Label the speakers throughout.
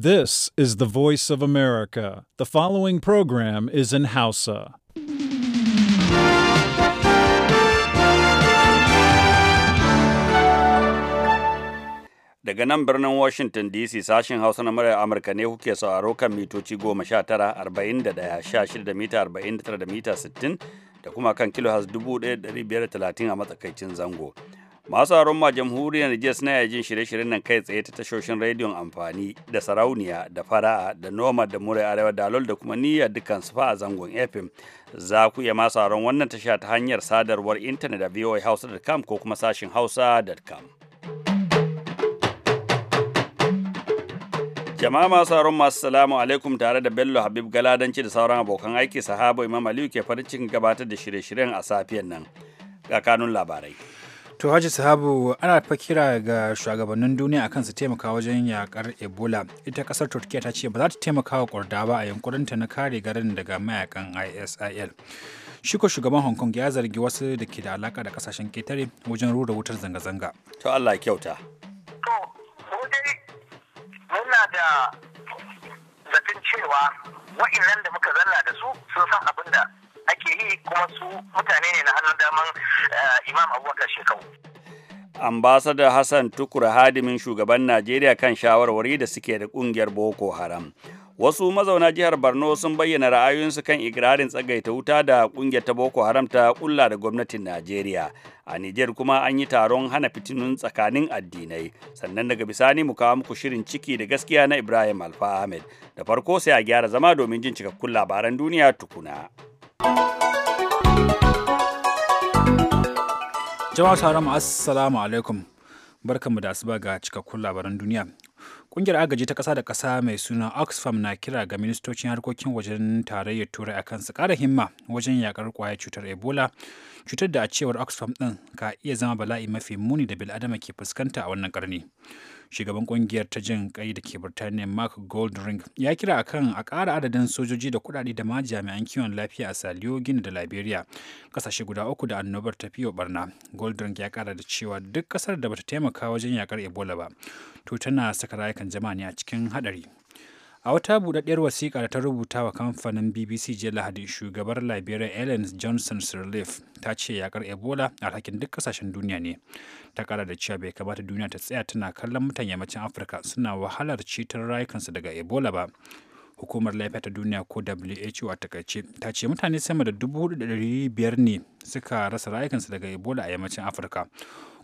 Speaker 1: This is the voice of America. The following program is in
Speaker 2: Hausa. Daga nan birnin Washington DC sashen Hausa na murar Amurka ne kuke sauraro kan mitoci 19-41-16 da mita 49 da mita 60 da kuma kan kilohaz 1530 a matsakaicin zango. masu haron ma jamhuriyar Nijar suna yajin shirye-shiryen nan kai tsaye ta tashoshin rediyon amfani da sarauniya da fara'a da noma da murai arewa da alol da kuma niyyar dukkan su fa a zangon FM za ku iya masu haron wannan tasha ta hanyar sadarwar intanet da voahausa.com ko kuma sashin hausa.com. jama'a masu haron masu salamu alaikum tare da bello habib galadanci da sauran abokan aiki sahabo imam aliyu ke farin cikin gabatar da shirye-shiryen a safiyan nan kakanun labarai
Speaker 1: to haji sahabu ana fa kira ga shugabannin duniya akan su taimaka wajen yakar ebola ita kasar turkiya ta ce ba za ta taimaka wa kwarda ba a yankurinta na kare garin daga mayakan isil shi ko shugaban hong kong ya zargi wasu da ke da alaka da kasashen ketare wajen rura wutar zanga-zanga to allah kyauta to
Speaker 3: muna da zaton cewa wa'annan da muka zanna da su sun san
Speaker 4: abin da ake yi kuma su mutane ne na hannun daman eh, imam abubakar shekau
Speaker 2: ambasada hassan tukur hadimin shugaban najeriya kan shawarwari da suke da kungiyar boko haram wasu mazauna jihar borno sun bayyana ra'ayoyinsu kan ikirarin tsagaita wuta da kungiyar ta boko haram ta kulla da gwamnatin najeriya a niger kuma an yi taron hana fitinun tsakanin addinai sannan daga bisani mu kawo muku shirin ciki da gaskiya na ibrahim alfa ahmed da farko sai a gyara zama domin jin cikakkun labaran duniya tukuna. Jama'a taron
Speaker 1: assalamu alaikum. Barkanmu da asuba ga cikakkun labaran duniya. ƙungiyar agaji ta ƙasa da ƙasa mai suna Oxfam na kira ga ministocin harkokin wajen tarayyar Turai akan su ƙara himma wajen yaƙar ƙwayar cutar Ebola, cutar da a cewar Oxfam ɗin ka iya zama bala'i mafi muni da bil'adama ke fuskanta a wannan ƙarni. shugaban kungiyar ta jin kai da ke birtaniya mark goldring ya kira akan a ƙara adadin sojoji da kuɗaɗe da ma jami'an kiwon lafiya a saliyo gini da liberia ƙasashe guda uku da annobar ta fiye barna goldring ya ƙara da cewa duk ƙasar da bata taimaka wajen yakar ebola ba to tana saka rayukan jama'a ne a cikin haɗari a wata buɗaɗɗiyar wasiƙa da ta rubuta wa kamfanin bbc jiya lahadi shugabar liberia ellen johnson sirleaf ta ce yakar ebola alhakin duk ƙasashen duniya ne ta kara da cewa bai kamata duniya ta tsaya tana kallon mutan yammacin afirka suna wahalar ceton rayukansu daga ebola ba hukumar lafiya ta duniya ko who a takaice ta ce mutane sama da biyar ne suka rasa rayukansu daga ebola a yammacin afirka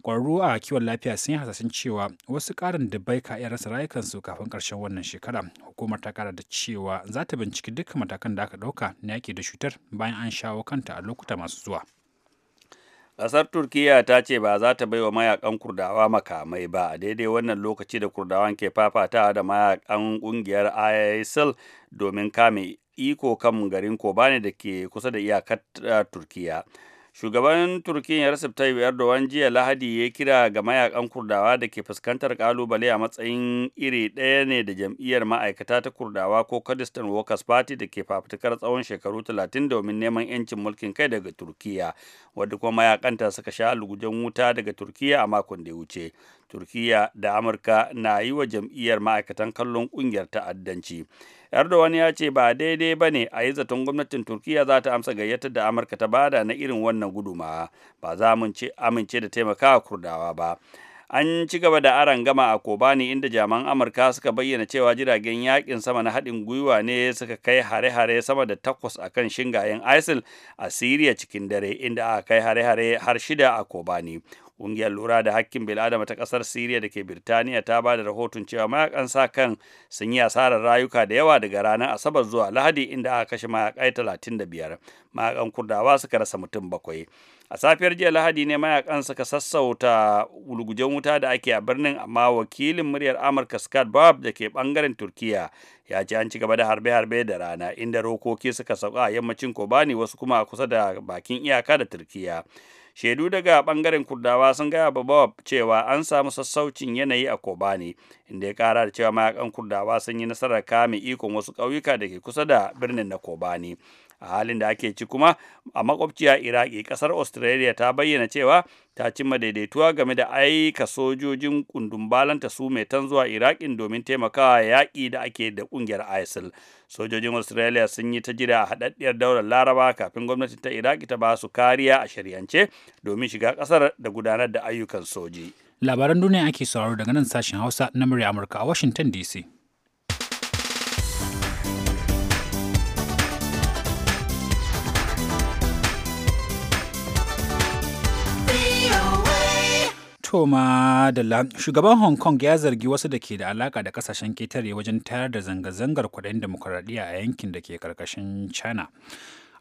Speaker 1: ƙwararru a kiwon lafiya sun yi hasashen cewa wasu ƙarin bai ka iya rasa rayukansu kafin ƙarshen wannan shekara hukumar ta kara da cewa za ta binciki dukkan matakan da aka ɗauka na yaƙi da cutar bayan an shawo kanta a lokuta masu zuwa
Speaker 2: Ƙasar Turkiyya ta ce ba za ta baiwa mayakan Kurdawa makamai ba a daidai wannan lokaci da Kurdawan ke fafatawa da mayakan ƙungiyar ISIL domin kame iko kan garin Kobane da ke kusa da iyakar eh, Turkiyya. shugaban turkiyya recep tayyip erdogan jiya lahadi ya kira ga mayakan kurdawa da ke fuskantar kalubale a matsayin iri ɗaya ne da jam'iyyar ma'aikata ta kurdawa ko kurdistan workers party da ke fafutukar tsawon shekaru 30 domin neman yancin mulkin kai daga turkiyya wadda kuma mayakanta suka sha lugujen wuta daga turkiyya a makon da ya wuce Turkiyya da amurka na yi wa jam'iyyar ma'aikatan kallon ƙungiyar ta'addanci erdogan ya ce ba daidai ba ne a yi zaton gwamnatin Turkiyya za ta amsa gayyatar da amurka ta bada na irin wannan gudumawa ba za mu amince da taimakawa kurdawa ba an ci gaba da aron gama a kobani inda jaman amurka suka bayyana cewa jiragen yakin sama na haɗin gwiwa ne suka kai hare-hare sama da takwas a kan shingayen isil a siriya cikin dare inda aka kai hare-hare har shida a kobani Ƙungiyar lura da hakkin bil'adama ta ƙasar Siriya da ke Birtaniya ta ba da rahoton cewa mayakan sa kan sun yi asarar rayuka da yawa daga ranar Asabar zuwa Lahadi inda aka kashe mayakai 35. Mayakan Kurdawa suka rasa mutum bakwai. A safiyar jiya Lahadi ne mayakan suka sassauta gulgujen wuta da ake a birnin amma wakilin muryar Amurka Scott Bob da ke bangaren Turkiya ya ce an ci gaba da harbe-harbe da rana inda rokoki suka sauka a yammacin Kobani wasu kuma a kusa da bakin iyaka da Turkiya. shaidu daga bangaren kurdawa sun gaya bawa cewa an samu sassaucin yanayi a kobani inda ya kara da cewa mayakan kurdawa sun yi nasarar kame ikon wasu ƙauyuka da ke kusa da birnin na kobani a halin da ake ci kuma a makwabciya iraki kasar australia ta bayyana cewa ta cimma daidaituwa game da aika sojojin kundin balanta su mai tan zuwa Iraƙin domin taimakawa yaƙi da ake da ƙungiyar ISIL. Sojojin Australia sun yi ta jira a haɗaɗɗiyar daular Laraba kafin gwamnati ta Iraki ta ba su kariya a shari'ance domin shiga ƙasar da gudanar da ayyukan soji.
Speaker 1: Labaran duniya ake sauraro daga nan sashen Hausa na murya Amurka a Washington DC. da madalla shugaban Hong Kong ya zargi wasu da ke da alaka da kasashen ketare wajen tayar da zanga-zangar kudin demokuraɗiyya a yankin da ke karkashin China.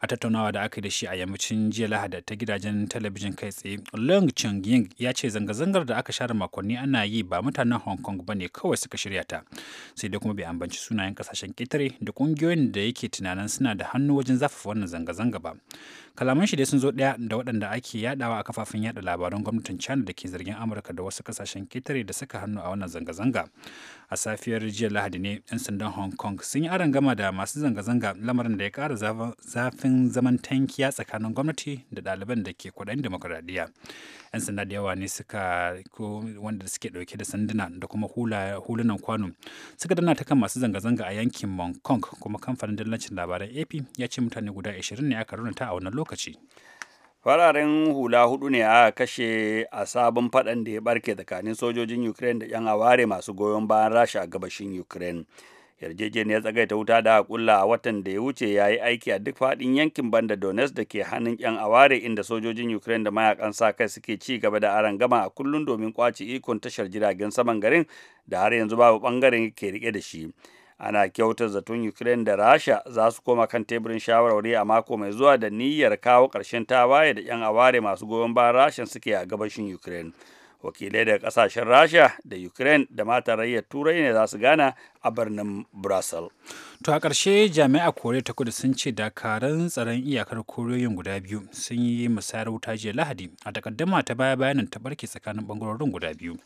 Speaker 1: a tattaunawa da aka yi da shi a yammacin jiya lahada ta gidajen talabijin kai tsaye long cheng ying ya ce zanga-zangar da aka share makonni ana yi ba mutanen hong kong ba ne kawai suka shirya ta sai dai kuma bai ambanci sunayen kasashen ƙetare da ƙungiyoyin da yake tunanin suna da hannu wajen zafafa wannan zanga-zanga ba kalaman shi dai sun zo ɗaya da waɗanda ake yadawa a kafafen yada labaran gwamnatin china da ke zargin amurka da wasu kasashen ƙetare da suka hannu a wannan zanga-zanga a safiyar jiya lahadi ne 'yan sandan hong kong sun yi aron gama da masu zanga-zanga lamarin da ya kara zafin zaman tankiya tsakanin gwamnati da ɗaliban da ke kwaɗayin demokuraɗiyya 'yan sanda da yawa ne suka ko wanda suke ɗauke da sanduna da kuma hulunan kwano suka dana ta kan masu zanga-zanga a yankin hong kong kuma kamfanin dallacin labaran ap ya ce mutane guda 20 ne aka ta a wannan lokaci
Speaker 2: fararen hula hudu ne aka kashe a sabon fadan da ya barke tsakanin sojojin ukraine da 'yan aware masu goyon bayan rasha a gabashin ukraine yarjejeniyar tsagaita wuta da kulla a watan da ya wuce ya yi aiki a duk fadin yankin banda donetsk da ke hannun 'yan aware inda sojojin ukraine da mayakan sa kai suke ci gaba da aran gama a kullum domin kwace ikon tashar jiragen saman garin da har yanzu babu bangaren ke rike da shi ana kyautar zaton ukraine da rasha za su koma kan teburin shawarwari a mako mai zuwa da niyyar kawo ƙarshen tawaye da 'yan aware masu goyon bayan Rasha suke a gabashin ukraine wakilai daga kasashen rasha da ukraine da mata rayyar turai ne za su gana a birnin brussels
Speaker 1: to a ƙarshe jami'a koriya ta kudu sun ce dakarun tsaron iyakar koriyoyin guda biyu sun yi musayar wuta jiya lahadi a takaddama ta baya bayanin ta barke tsakanin bangarorin guda biyu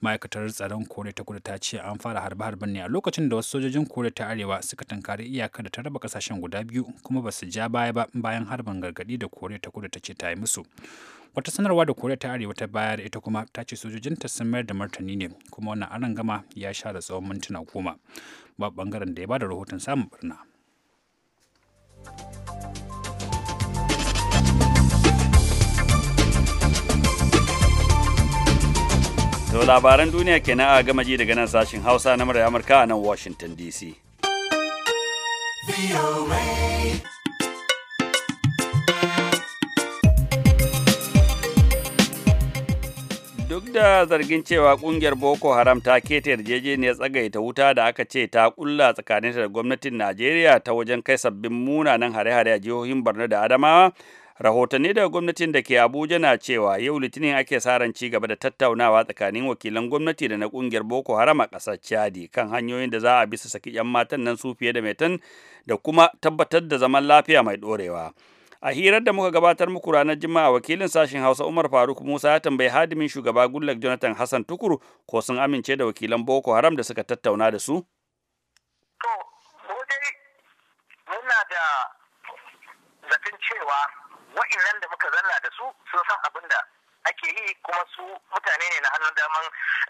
Speaker 1: ma'aikatar tsaron koriya ta kudu ta ce an fara harbe-harben ne a lokacin da wasu sojojin koriya ta arewa suka tankari iyaka da ta raba kasashen guda biyu kuma ba su ja baya ba bayan harbin gargadi da koriya ta kudu ta ce ta yi musu wata sanarwa da koriya ta arewa ta bayar ita kuma ta ce sojojinta sun mayar da martani ne kuma wannan arangama ya sha da tsawon mintuna goma ba bangaren da ya ba da rahoton samun barna
Speaker 2: To labaran duniya kenan a gama ji daga nan sashin Hausa na murar Amurka a nan Washington DC. Duk da zargin cewa kungiyar Boko Haram ta keta yarjejeniyar tsagaita wuta da aka ce ta kulla tsakaninta da gwamnatin Najeriya ta wajen kai sabbin munanan hare-hare a jihohin Borno da Adamawa, rahotanni daga gwamnatin da ke abuja na cewa yau litinin ake sa ran ci gaba da tattaunawa tsakanin wakilan gwamnati da na kungiyar boko haram a ƙasar chadi kan hanyoyin da za a bisa saki 'yan matan nan su fiye da metan da kuma tabbatar da zaman lafiya mai dorewa a hirar da muka gabatar muku ranar juma'a wakilin sashen hausa umar faruk musa ya tambayi hadimin shugaba gullak jonathan hassan tukuru ko sun amince da wakilan boko haram da suka tattauna da su
Speaker 3: to mu muna da
Speaker 4: zaton cewa wa'in da muka zalla da su sun san abin da ake yi kuma su mutane ne na hannun
Speaker 5: daman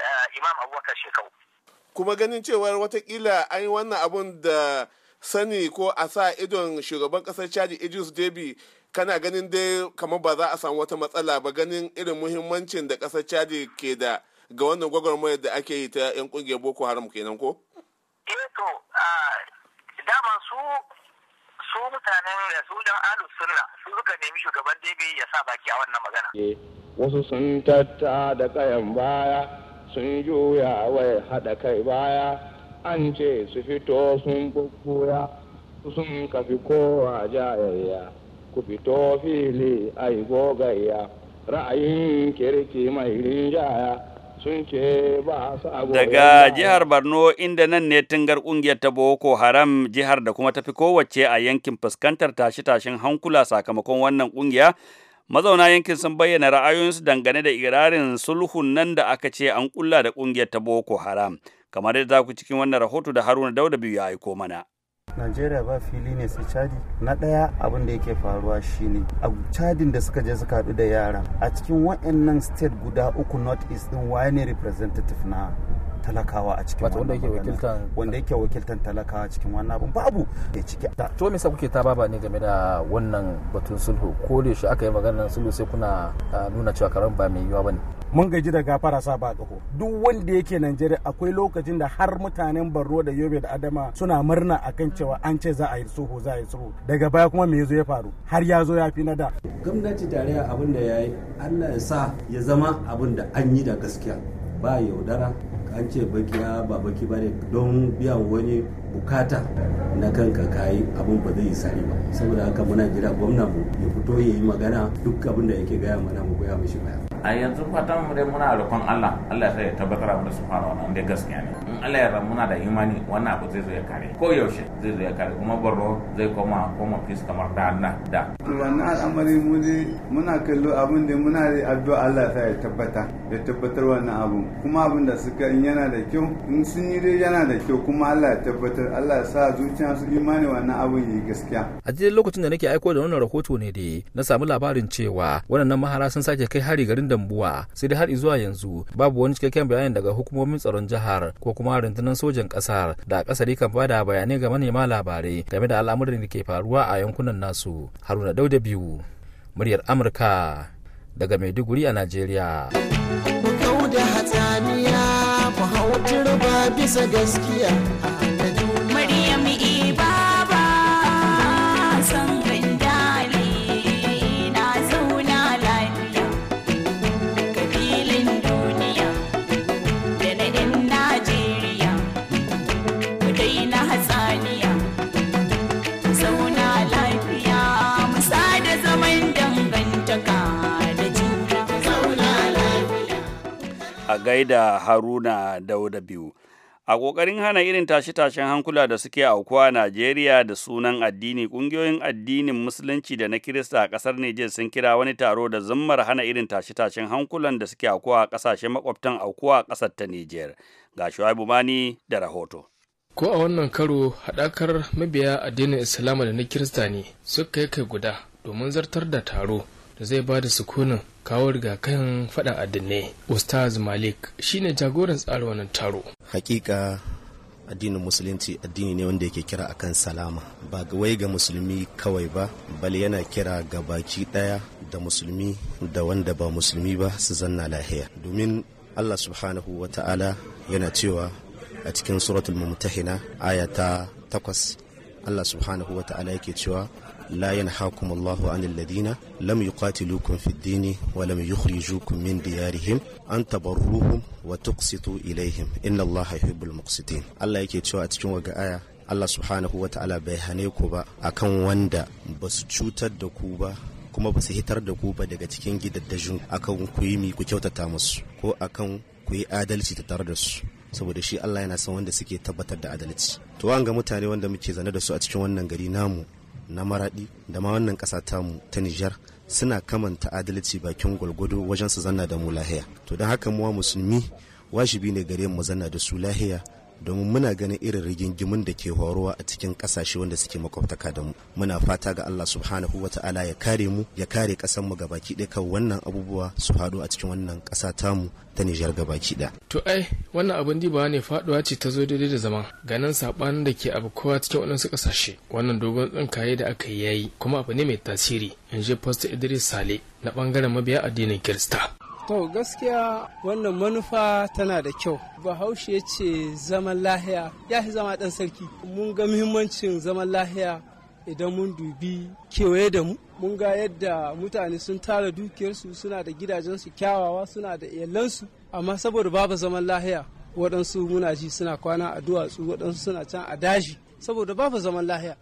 Speaker 5: eh, imam abubakar shekau kuma ganin cewar watakila an yi wannan abun da sani ko a sa idon shugaban kasar chadi idris debi kana ganin dai kamar ba za a samu wata matsala ba ganin irin muhimmancin da kasar chadi ke da ga wannan gwagwarmayar da ake yi ta yan kungiyar boko haram kenan ko? eh to ah, daman su su
Speaker 3: mutanen da su dan alu sunna su suka nemi shugaban debe ya sa baki a wannan magana eh, wasu sun tatta
Speaker 6: da kayan baya sun juya wai haɗa kai baya an ce su fito sun bubbuya sun kafi kowa jayayya ku fito fili ai gogayya ra'ayin kirki mai rinjaya Daga jihar
Speaker 2: Borno inda nan ne tungar kungiyar ta Boko Haram jihar da kuma tafi kowace a yankin fuskantar tashe-tashen hankula sakamakon wannan kungiya mazauna yankin sun bayyana ra'ayoyinsu dangane da irarin sulhun nan da aka ce an kulla da kungiyar ta Boko Haram. Kamar yadda za ku cikin wannan rahoto da Haruna Dauda biyu ya aiko mana.
Speaker 6: Najeriya ba fili ne sai Chadi. Na ɗaya abin da yake faruwa shine a Chadin da suka je suka haɗu da yara a cikin wa'annan state guda uku north east din waye ne representative na talakawa a cikin wanda yake wakiltan wanda
Speaker 5: yake wakiltan talakawa cikin wannan abun babu da ciki to me kuke ta baba ne game da wannan batun sulhu ko da shi aka yi maganar sulhu sai kuna nuna cewa karan ba mai yiwa bane mun
Speaker 6: gaji da gafara sa ba kaho duk wanda yake Najeriya akwai lokacin da har mutanen barro da Yobe da Adama suna murna akan cewa an ce za a yi sulhu za a yi sulhu daga baya kuma me yazo ya faru har ya zo ya fi na da gwamnati tarayya abin da yayi Allah
Speaker 5: ya sa ya zama abin da an yi da gaskiya ba yaudara an ce bakiya ba baki ba don biya wani bukata na kanka kayi abin ba zai yi sari ba saboda haka muna jira gwamna mu ya fito ya yi magana duk abin da yake gaya mana mu goya mishi baya
Speaker 6: a yanzu fatan mu
Speaker 7: dai muna roƙon Allah Allah ya tabbatar da subhanahu wa ta'ala da gaskiya ne Allah ya muna da imani wannan abu zai zo ya kare ko yaushe zai zo ya kare kuma borno zai koma koma fis kamar da na da to wannan al'amari mu dai muna kallo abin da muna da addu'a Allah ya tabbata ya tabbatar wannan abu kuma abin da suka in yana da kyau in sun yi dai yana da kyau kuma Allah ya tabbatar Allah ya sa zuciya su imani wannan abu yi gaskiya
Speaker 1: a cikin lokacin da nake aiko da wannan rahoto ne dai na samu labarin cewa waɗannan mahara sun sake kai hari garin Dambuwa sai dai har zuwa yanzu babu wani cikakken bayani daga hukumomin tsaron jihar ko kuma kuma rundunar sojan kasar da kasari kan bada bayanai ga manema labarai game da al'amuran da ke faruwa a yankunan nasu haruna dauda biyu muryar amurka daga maiduguri a najeriya
Speaker 5: bisa gaskiya
Speaker 2: gaida Haruna Dauda biyu. A ƙoƙarin hana irin tashe-tashen hankula da suke aukuwa a Najeriya da sunan addini, ƙungiyoyin addinin Musulunci da na Kirista a ƙasar Nijar sun kira wani taro da zammar hana irin tashe-tashen hankulan da suke aukuwa a kasashe makwabtan aukuwa a ƙasar ta Nijar. Ga Shuaibu Mani da rahoto.
Speaker 1: ko a wannan karo haɗakar mabiya addinin islam da na kirista ne suka yi kai guda domin zartar da taro da zai ba da sukunin kawo rigakafin faɗan addinai ustaz malik shine jagoran tsaro wannan taro hakika addinin
Speaker 5: musulunci addini ne wanda yake kira akan salama ba wai ga musulmi kawai ba bal yana kira ga baki daya da musulmi da wanda ba musulmi ba su zanna lahiya domin allah subhanahu wa ta'ala yana cewa a cikin suratul mumtahina aya ta takwas allah subhanahu wa ta'ala yake cewa la yanhaakum Allahu anil ladina lam yuqatilukum fid dini wa lam yukhrijukum min diyarihim an tabarruhum wa tuqsitu ilaihim inna Allaha yuhibbul muqsitin Allah yake cewa a cikin waga aya Allah subhanahu wa ta'ala bai hane ku ba akan wanda basu cutar da ku ba kuma basu hitar da ku ba daga cikin gidaddajin akan ku yi mi ku kyautata musu ko akan ku yi adalci ta tare da su saboda shi Allah yana son wanda suke tabbatar da adalci to an ga mutane wanda muke zane da su a cikin wannan gari namu na maraɗi da ma wannan ƙasa tamu ta Nijar suna kamanta adalci bakin gwalgwado wajen su zanna da mu lahiya to don haka muwa musulmi wajibi ne gare mu zanna da su lahiya domin muna ganin irin rigingimin da ke horowa a cikin kasashe wanda suke makwabtaka da mu muna fata ga Allah subhanahu ta'ala ya kare mu ya kare kasar mu gabaki ɗaya kan wannan abubuwa su haɗu a cikin wannan ƙasa tamu ta Nijar gabaki ɗaya
Speaker 1: to ai wannan abin diba ne faɗuwa ce ta zo daidai da zama ganin sabanin da ke abu kowa cikin waɗansu kasashe wannan dogon tsinkaye da aka yi yayi kuma abu ne mai tasiri in je Pastor Idris Sale na ɓangaren mabiya addinin Kirista To gaskiya
Speaker 6: wannan manufa tana da kyau. Bahaushe ce zaman lahiya ya fi zama ɗan sarki. Mun ga muhimmancin zaman lahiya idan mun dubi kewaye da mu. Mun ga yadda mutane sun tara dukiyarsu suna da gidajensu kyawawa suna da iyalansu. Amma saboda babu zaman lahiya waɗansu muna ji suna kwana a duwatsu waɗansu suna can a daji saboda babu zaman lahiya.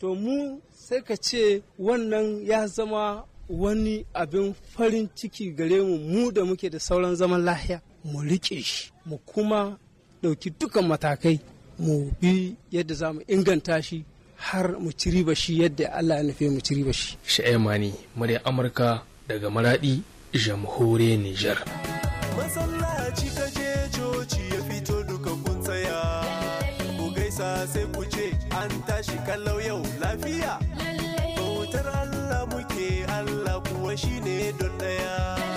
Speaker 6: To mu sai ka ce wannan ya zama wani abin farin ciki gare mu mu da muke da sauran zaman lahiya mu riƙe shi mu kuma ɗauki dukan matakai mu
Speaker 1: bi yadda za mu inganta shi har mu ci riba shi yadda Allah ya nufe mu ci riba shi. Sha'imani murya Amurka daga maraɗi jamhuri Nijar.
Speaker 5: Masallaci ka je coci ya fito duka kun ku gaisa sai ku ce an tashi kallau yau lafiya. kuma shine don ɗaya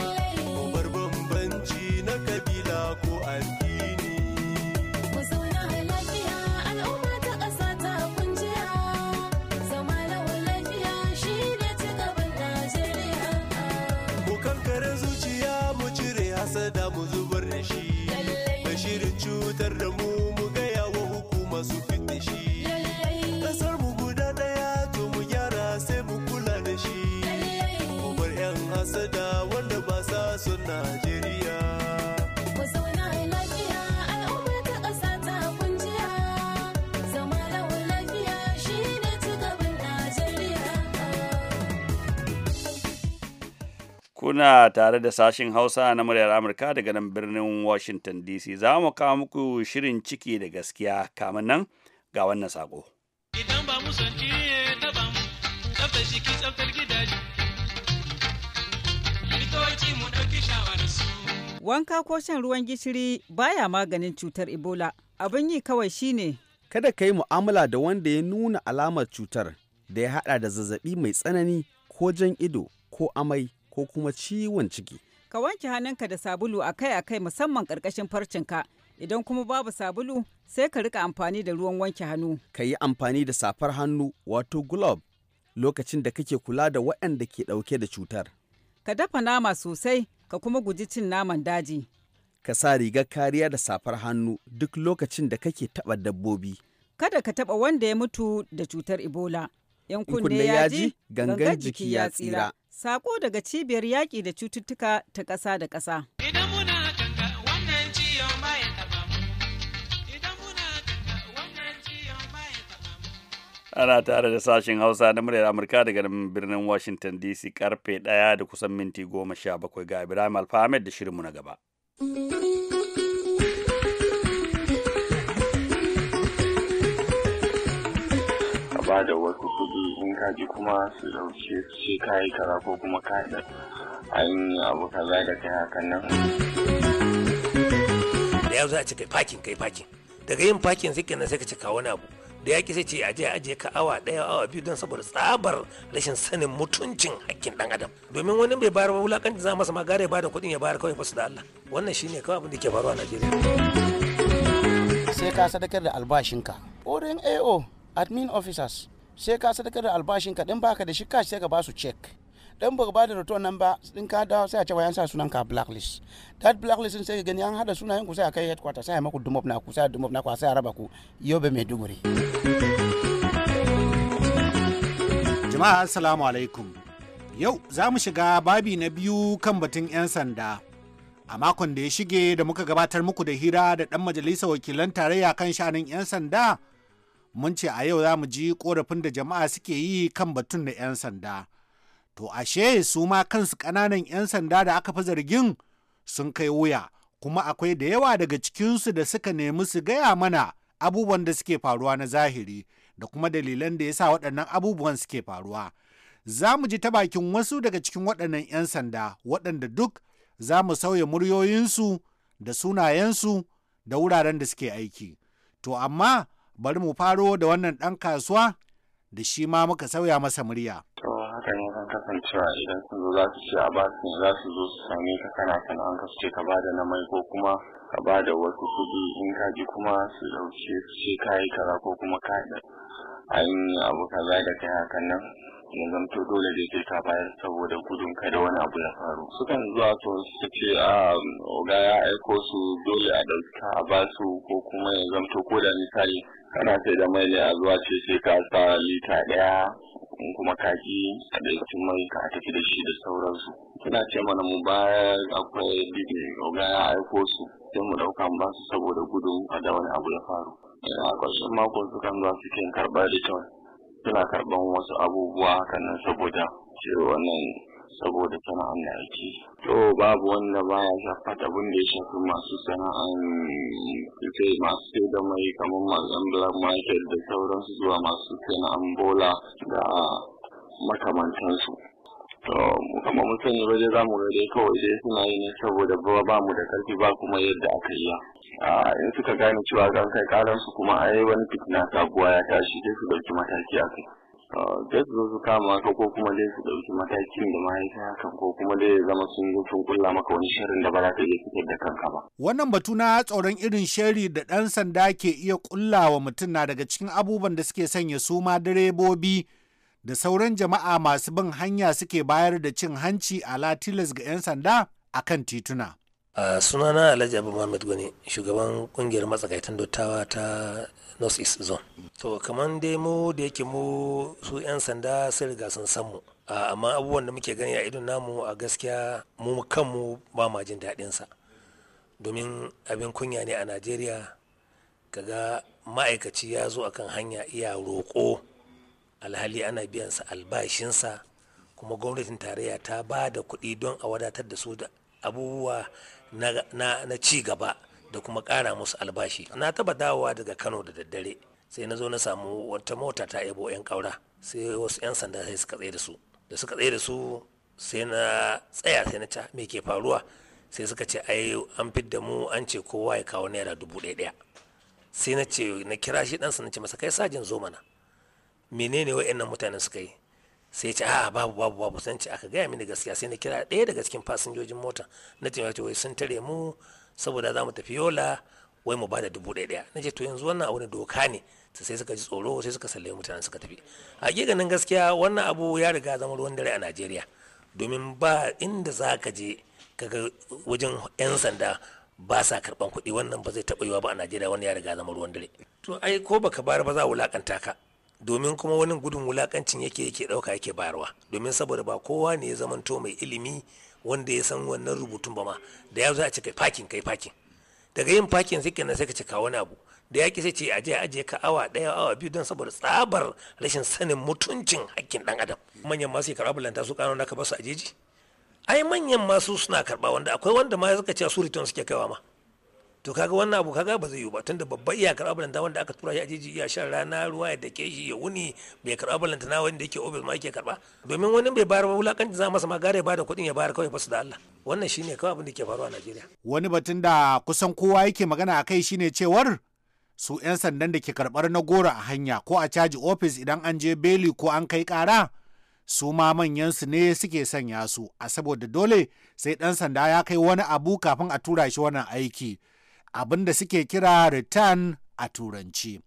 Speaker 2: kuna tare da sashin hausa na muryar amurka daga nan birnin washington dc za mu kawo muku shirin ciki da gaskiya kamun nan ga wannan sako
Speaker 6: wanka ko shan ruwan gishiri baya maganin cutar ebola abin yi kawai shine
Speaker 5: kada ka yi mu'amala da wanda ya nuna alamar cutar da ya hada da zazzabi mai tsanani ko jan ido ko amai ko kuma ciwon ciki.
Speaker 6: Ka wanke hannunka da sabulu akai-akai musamman ƙarƙashin farcinka. Idan kuma babu sabulu, sai ka rika amfani da ruwan wanke hannu.
Speaker 5: Ka yi amfani da safar hannu wato glove lokacin da kake kula da waɗanda ke ɗauke da cutar.
Speaker 6: Ka dafa nama sosai, ka kuma guji cin naman daji.
Speaker 5: Ka sa rigar kariya da safar hannu duk lokacin da kake taɓa dabbobi.
Speaker 6: Kada ka taɓa wanda ya mutu da cutar Ebola. Yan kunne ya ji, gangan jiki ya tsira. Sako daga cibiyar yaƙi da cututtuka ta ƙasa da ƙasa.
Speaker 2: Ana tare da sashen Hausa na muryar Amurka daga birnin Washington DC karfe ɗaya da kusan minti goma sha bakwai ga Ibrahim Alfahamed da shirinmu na gaba.
Speaker 3: ba da wasu kuɗi in ka ji kuma su dauke shi ka yi kaza ko kuma ka da an yi abu za ka kai hakan nan.
Speaker 4: da yau za a ce kai fakin kai fakin daga yin fakin sai kenan sai ka ci kawo abu da yaƙi sai ce aje aje ka awa ɗaya awa biyu don saboda tsabar rashin sanin mutuncin hakkin ɗan adam domin wani bai bayar wulakanci za masa ma ya bada kuɗin ya bayar kawai fasu da Allah wannan shine kawai abin da ke faruwa a Najeriya
Speaker 6: sai ka sadakar da albashinka orin AO admin officers sai ka sadakar da albashin ka din baka da shi cash sai ka ba su check dan baka ba da return nan ba din ka dawo sai a ce wayan sa sunan ka blacklist that blacklist sai ka gani an hada sunayen ku sai a kai headquarter sai a maku dumop na ku sai dumop na ku sai a raba ku yobe mai jama'a assalamu alaikum
Speaker 7: yau za mu shiga babi na biyu kan batun 'yan sanda a makon da ya shige da muka gabatar muku da hira da dan majalisar wakilan tarayya kan shanun 'yan sanda mun ce a yau za mu ji korafin da jama'a suke yi kan batun da 'yan sanda to ashe su ma kansu ƙananan 'yan sanda da aka fi zargin sun kai wuya kuma akwai da yawa daga cikinsu da suka nemi su gaya mana abubuwan da suke faruwa na zahiri da kuma dalilan da ya sa waɗannan abubuwan suke faruwa za mu ji ta bakin wasu daga cikin waɗannan 'yan sanda waɗanda duk za mu sauya muryoyinsu da sunayensu da wuraren da suke aiki to amma bari mu faro da wannan ɗan kasuwa da shi ma muka sauya masa murya.
Speaker 3: To haka ne kan kasancewa idan sun zo za su ce a basu za su zo su same ka kana sana'an ka ka ba da na mai ko kuma ka ba da wasu kuɗi in ka ji kuma su ɗauke su ce ka yi kaza ko kuma ka yi ainihin abu kaza da kai hakan nan ya zamto dole da ke ta bayar saboda gudun kada wani abu ya faru sukan zuwa to su ce a ah, oga ya aiko su dole a dauka a ba su ko kuma ya zamto ko da misali kana sai da mai ne a zuwa ce sai ka sa lita ɗaya in kuma kaji a ɗauki mai ka tafi da shi da sauransu suna ce mana mu bayar akwai bibi oga ya aiko su sai mu dauka mu ba su saboda gudun kada wani abu ya faru a ƙarshen mako sukan zuwa suke karɓar return suna karɓar wasu abubuwa haka nan saboda cewa nan saboda sana'an da ake to babu wanda baya shafat abin da ya shafi masu sana'an kai masu sai da mai kamar mazan black market da sauransu zuwa masu sana'an bola da makamantansu kuma mun sani ba dai zamu ga dai kawai dai suna yi ne saboda ba ba mu da karfi ba kuma yadda aka yi in suka gane cewa zan kai karan su kuma ai wani fitina sabuwa ya tashi dai su dauki mataki a kai dai su su kama ka ko kuma dai su dauki matakin da mahaifa hakan ko kuma dai ya zama sun zo sun kulla maka wani shirin da ba za ka iya fitar da kanka ba
Speaker 7: wannan batu na tsoron irin sharri da dan sanda ke iya kulla wa mutum na daga cikin abubuwan da suke sanya su ma direbobi da sauran jama'a masu bin hanya suke bayar da cin hanci a latilas ga 'yan sanda a kan tituna.
Speaker 4: a sunana alhaji abu muhammad gani shugaban kungiyar matsakaitan dottawa ta north east zone to kamar dai mu da yake mu su 'yan sanda sun riga sun san mu amma abubuwan da muke gani a idon namu a gaskiya mu kanmu ba ma jin daɗinsa domin abin kunya ne a najeriya kaga ma'aikaci ya zo akan hanya iya roƙo alhali ana biyansa albashinsa kuma gwamnatin tarayya ta ba da kuɗi don a wadatar da su da abubuwa na ci gaba da kuma ƙara musu albashi na taba dawowa daga kano da daddare sai na zo na samu wata mota ta yabo 'yan ƙaura sai wasu 'yan sanda sai suka tsaye da su da suka tsaye da su sai na tsaya sai na ta me ke faruwa sai suka ce ai an da mu an ce kowa ya kawo naira dubu ɗaya sai na ce na kira shi ɗansa na ce masa kai sajin zo mana menene wa'annan mutanen suka yi sai ce a babu babu babu sun ce aka gaya mini gaskiya sai na kira ɗaya daga cikin fasinjojin mota na ce wai sun tare mu saboda za mu tafi yola wai mu bada dubu ɗaya ɗaya na ce to yanzu wannan abu ne doka ne sai suka ji tsoro sai suka salle mutanen suka tafi a ganin gaskiya wannan abu ya riga zama ruwan dare a najeriya domin ba inda za ka je kaga wajen 'yan sanda ba sa karban kuɗi wannan ba zai taɓa yiwa ba a najeriya wani ya riga zama ruwan dare to ai ko baka bar ba za a wulakanta ka domin kuma wani gudun wulakancin yake yake ɗauka yake bayarwa domin saboda ba kowa ne ya zamanto mai ilimi wanda ya san wannan rubutun ba ma da ya zo a ce kai fakin kai fakin daga yin fakin sai kenan sai ka cika wani abu da ya sai ce aje aje ka awa daya awa biyu don saboda tsabar rashin sanin mutuncin hakkin dan adam manyan masu karɓa bulanta su kanon da ka basu ajeji ai manyan masu suna karɓa wanda akwai wanda ma suka ce su return suke kaiwa ma to kaga wannan abu kaga ba zai yiwu ba tunda babban iya karɓar balanta wanda aka tura shi a jeji iya shan rana ruwa ya dake shi ya wuni bai karɓa balanta na wanda yake obis ma yake karɓa domin wani bai bayar ba wulakanci za masa ma gare ba da kuɗin ya bayar kawai fasu da Allah wannan shine kawai abin da ke faruwa a Najeriya wani
Speaker 7: batun da kusan kowa yake magana a kai shine cewar su 'yan sandan da ke karɓar na goro a hanya ko a caji ofis idan an je beli ko an kai ƙara su ma manyansu ne suke sanya su a saboda dole sai ɗan sanda ya kai wani abu kafin a tura shi wannan aiki abin da suke kira return a turanci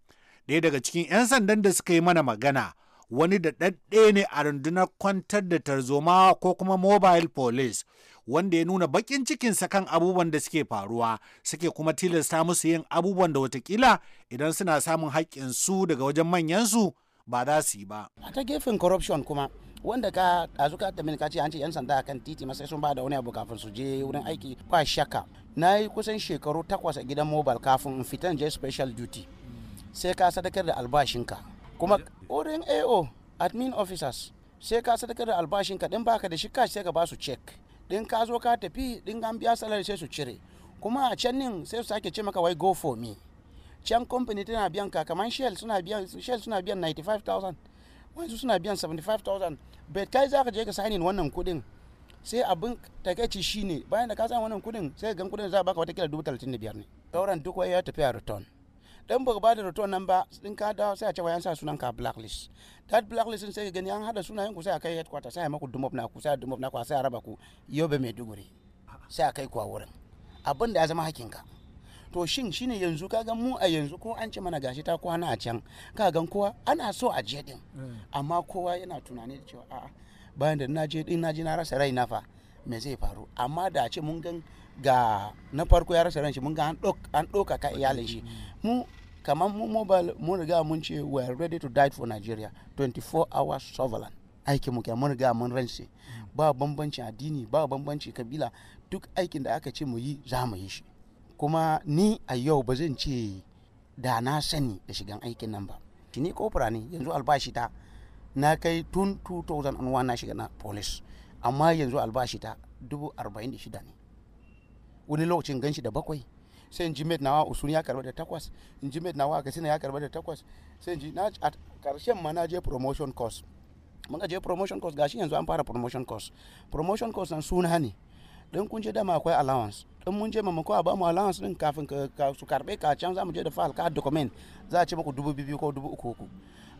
Speaker 7: daya daga cikin 'yan sandan da suka yi mana magana wani da ɗaɗɗe ne a rundunar kwantar da tarzoma ko kuma mobile police wanda ya nuna baƙin cikinsa kan abubuwan da suke faruwa suke kuma tilasta musu yin abubuwan da watakila idan suna samun haƙƙinsu daga wajen manyansu ba za su yi ba.
Speaker 6: A ta gefen corruption kuma wanda ka a zuka ta ka ce an ce yan sanda kan titi masai sun ba da wani abu kafin su je wurin aiki kwa shaka na yi kusan shekaru takwas a gidan mobile kafin in fitan je special duty sai ka sadakar da albashinka kuma wurin AO admin officers sai ka sadakar da albashinka din baka da shi cash sai ka ba su check din ka zo ka tafi din an biya salari sai su cire kuma a can nin sai su sake ce maka wai go for me can company tana biyan ka kamar shell suna biyan shell suna biyan wani suna biyan 75,000 bai kai za ka je ka sainin wannan kudin sai abin takaici shine bayan da ka sa wannan kudin sai gan kudin za baka watakila dubu talatin da biyar ne sauran duk wai ya tafi a return dan baka ba da return nan ba in ka dawo sai a ce wayan sa sunan ka blacklist that blacklist sai ka gani an hada sunayen ku sai a kai headquarter sai a maku dumop na ku sai a dumop na ku sai a raba ku yobe duguri. sai a kai ku a wurin abin da ya zama hakinka to shin shine yanzu kaga mu a yanzu ko an ce mana gashi ta kwana a can kagan kowa ana so a je din eh. amma kowa yana tunani da cewa a'a bayan da na je din na je na rasa rai na fa me zai faru amma da ce mun gan ga na farko ya rasa rai shi mun ga an ɗauka ka iyalin shi mm. mu kamar mu mobile mun riga mun ce we are ready to die for Nigeria 24 hours sovereign aikin mu mun riga mun rance mm. ba bambancin addini ba bambancin kabila duk aikin da aka ce mu yi za mu yi shi kuma ni a yau ba zan ce da na sani da shigan aikin nan ba shi ni kofura ne yanzu albashi ta na kai tun 2001 na shiga na police amma yanzu albashi ta dubu arba'in da shida ne wani lokacin ganshi da bakwai sai in ji mate nawa usuni ya karba da takwas in ji mate nawa kasina ya karba da takwas sai in ji na a karshen ma na je promotion course mun je promotion course gashi yanzu an fara promotion course promotion course nan suna ne don kun je dama akwai allowance don mun je mamako a bamu allowance din kafin su karbe ka can za mu je da fa alka document za a ce muku dubu biyu ko dubu uku uku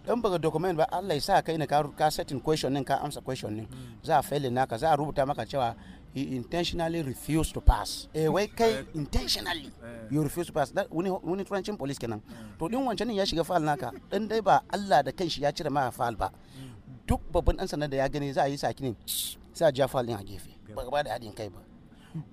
Speaker 6: don baka document ba Allah ya sa kai ne ka setting question din ka amsa question din mm. za a fail naka za a rubuta maka cewa he intentionally refused to pass eh wai kai eh. intentionally eh. you refuse to pass wani wani turancin police kenan mm. to din wancan ya shiga fa naka dan dai ba Allah da kanshi ya cire maka file ba mm. duk babban dan sanar da ya gani za a yi saki ne sai a ja fa din a gefe ba ba da haɗin kai ba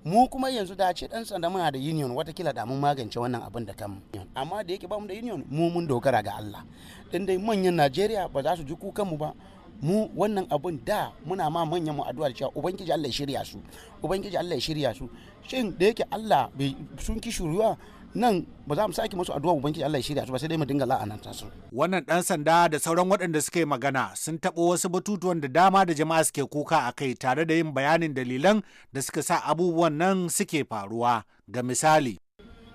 Speaker 6: mu kuma yanzu da ce dan sanda muna da union watakila da mun magance wannan abin da kan amma da yake ba mu da union mu mun dogara ga Allah din dai manyan Najeriya ba za su ji kukan mu ba mu wannan abun da muna ma manyan mu addu'a cewa ubangiji Allah ya shirya su ubangiji Allah ya shirya su shin da yake Allah sun ki shuruwa nan ba za mu sake musu addu'a ubangiji Allah ya shirya su ba sai dai mu dinga la'ananta su
Speaker 7: wannan dan sanda da sauran waɗanda suka yi magana sun tabo wasu batutuwan da dama da jama'a suke kuka a kai tare da yin bayanin dalilan da suka sa abubuwan nan suke faruwa ga
Speaker 6: misali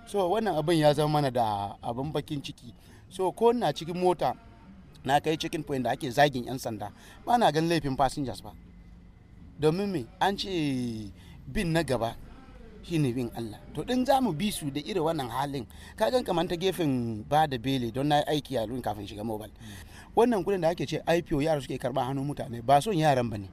Speaker 6: so wannan abin ya zama mana da abin bakin ciki so ko na cikin mota na kai cikin point da ake zagin yan sanda ba na gan laifin passengers ba domin me an ce bin na gaba shine bin Allah to din za mu bi su da irin wannan halin ka gan kamar ta gefen ba da bele don na yi aiki a kafin shiga mobile wannan kudin da ake ce IPO yara suke karba hannun mutane ba son yaran bane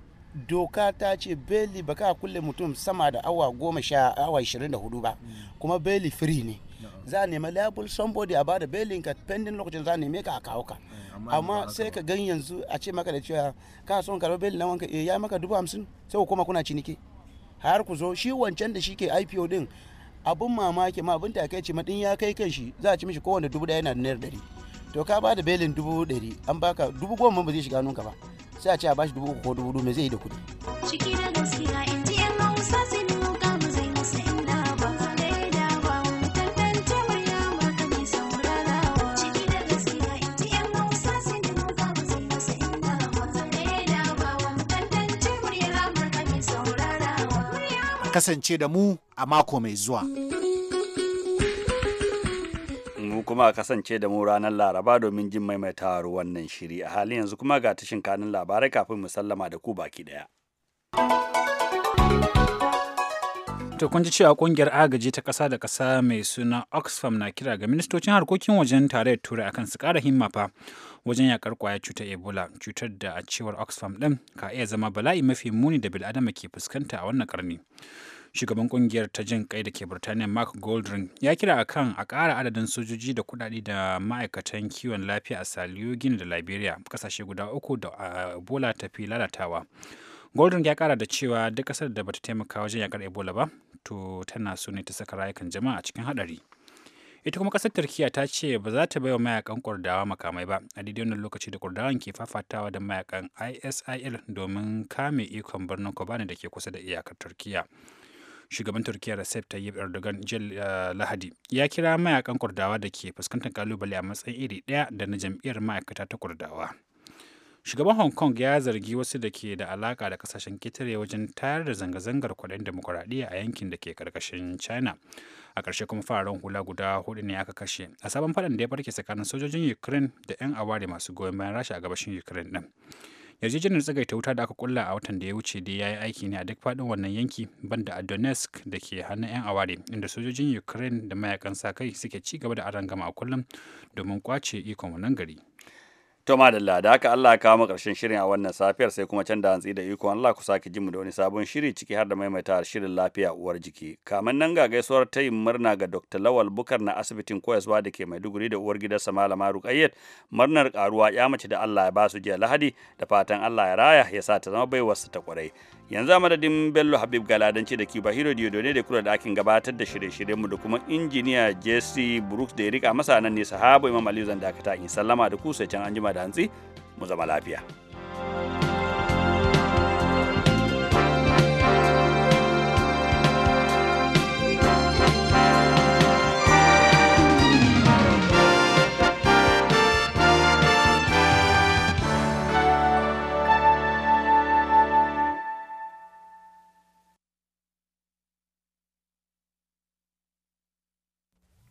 Speaker 6: doka ta ce beli baka kulle mutum sama da awa goma sha awa 24 ba kuma beli free ne za a nema label somebody a bada belin ka pending lokacin za a neme ka a kawo ka eh, amma sai ka gan yanzu a ce maka da cewa ka son karɓar belin na wanka eh, ya maka dubu hamsin sai ku koma kuna ciniki har ku zo shi wancan da shi ke IPO din abun mamaki ma abin takaici ma din ya kai kan shi za a ci mishi kowanne dubu daya yana da naira dari to ka ba da belin dubu dari an baka dubu goma ba zai shiga nunka ba sai a ce a bashi dubu uku ko dubu me zai yi da kuɗi.
Speaker 5: Ciki da gaskiya
Speaker 2: kasance da mu a mako mai zuwa. Mu kuma kasance da mu ranar Laraba domin jin maimaitawar wannan shiri a halin yanzu kuma ga tashin kanin labarai kafin mu sallama da ku baki ɗaya.
Speaker 1: To kun ji cewa kungiyar agaji ta ƙasa da kasa mai suna Oxfam na kira ga ministocin harkokin wajen tare Turai akan su kara himma fa wajen yakar kwaya cutar Ebola, cutar da a cewar Oxfam ɗin ka iya zama bala'i mafi muni da bil'adama ke fuskanta a wannan karni shugaban kungiyar ta jin kai da ke Burtaniya Mark Goldring ya kira akan a kara adadin sojoji da kuɗaɗe da ma'aikatan kiwon lafiya a Saliyogin da Liberia kasashe guda uku da ah, Ebola ta fi lalatawa. Gordon ya kara da cewa duk kasar da bata taimaka wajen yakar ebola ba to tana so ne ta saka rayukan jama'a a cikin hadari ita kuma kasar turkiya ta ce ba za ta baiwa mayakan kurdawa makamai ba a daidai wannan lokaci da kurdawan ke fafatawa da mayakan isil domin kame ikon birnin kobani da ke kusa da iyakar turkiya shugaban turkiya recep tayyip erdogan jil eh, lahadi ya kira mayakan kurdawa da ke fuskantar kalubale a matsayin iri daya da na jam'iyyar ma'aikata ta kurdawa shugaban hong kong ya zargi wasu da ke da alaka da kasashen ketare wajen tayar da zanga-zangar kwaɗayin demokuraɗiyya a yankin da ke karkashin china a ƙarshe kuma fararen hula guda hudu ne aka kashe a sabon faɗan da ya barke tsakanin sojojin ukraine da 'yan aware masu goyon bayan rasha a gabashin ukraine ɗin yarjejeniyar tsagaita wuta da aka kulla a watan da ya wuce da ya yi aiki ne a duk faɗin wannan yanki banda a donetsk da ke hannun 'yan aware inda sojojin ukraine da mayakan sa kai suke ci gaba da arangama a kullum domin kwace ikon wannan gari
Speaker 2: To madalla da haka Allah ya kawo mu karshen shirin a wannan safiyar sai kuma can da hantsi da ikon Allah ku sake jin mu da wani sabon shiri ciki har da maimaita shirin lafiya uwar jiki. Kamin nan ga gaisuwar ta yin murna ga Dr. Lawal Bukar na asibitin koyaswa da ke Maiduguri da uwar gidansa Malama Ruqayyat murnar karuwa ya mace da Allah ya ba su jiya Lahadi da fatan Allah ya raya ya sa ta zama baiwarsa ta kwarai. yanzu a madadin bello habib galadanci da kiba hero ne da kula da akin gabatar da shirye-shiryenmu da kuma injiniya jesse brooks da ya rika masa nan ne sahabo imam aliyu zan dakata in sallama da ku sai can anjima da hantsi mu zama lafiya. thank you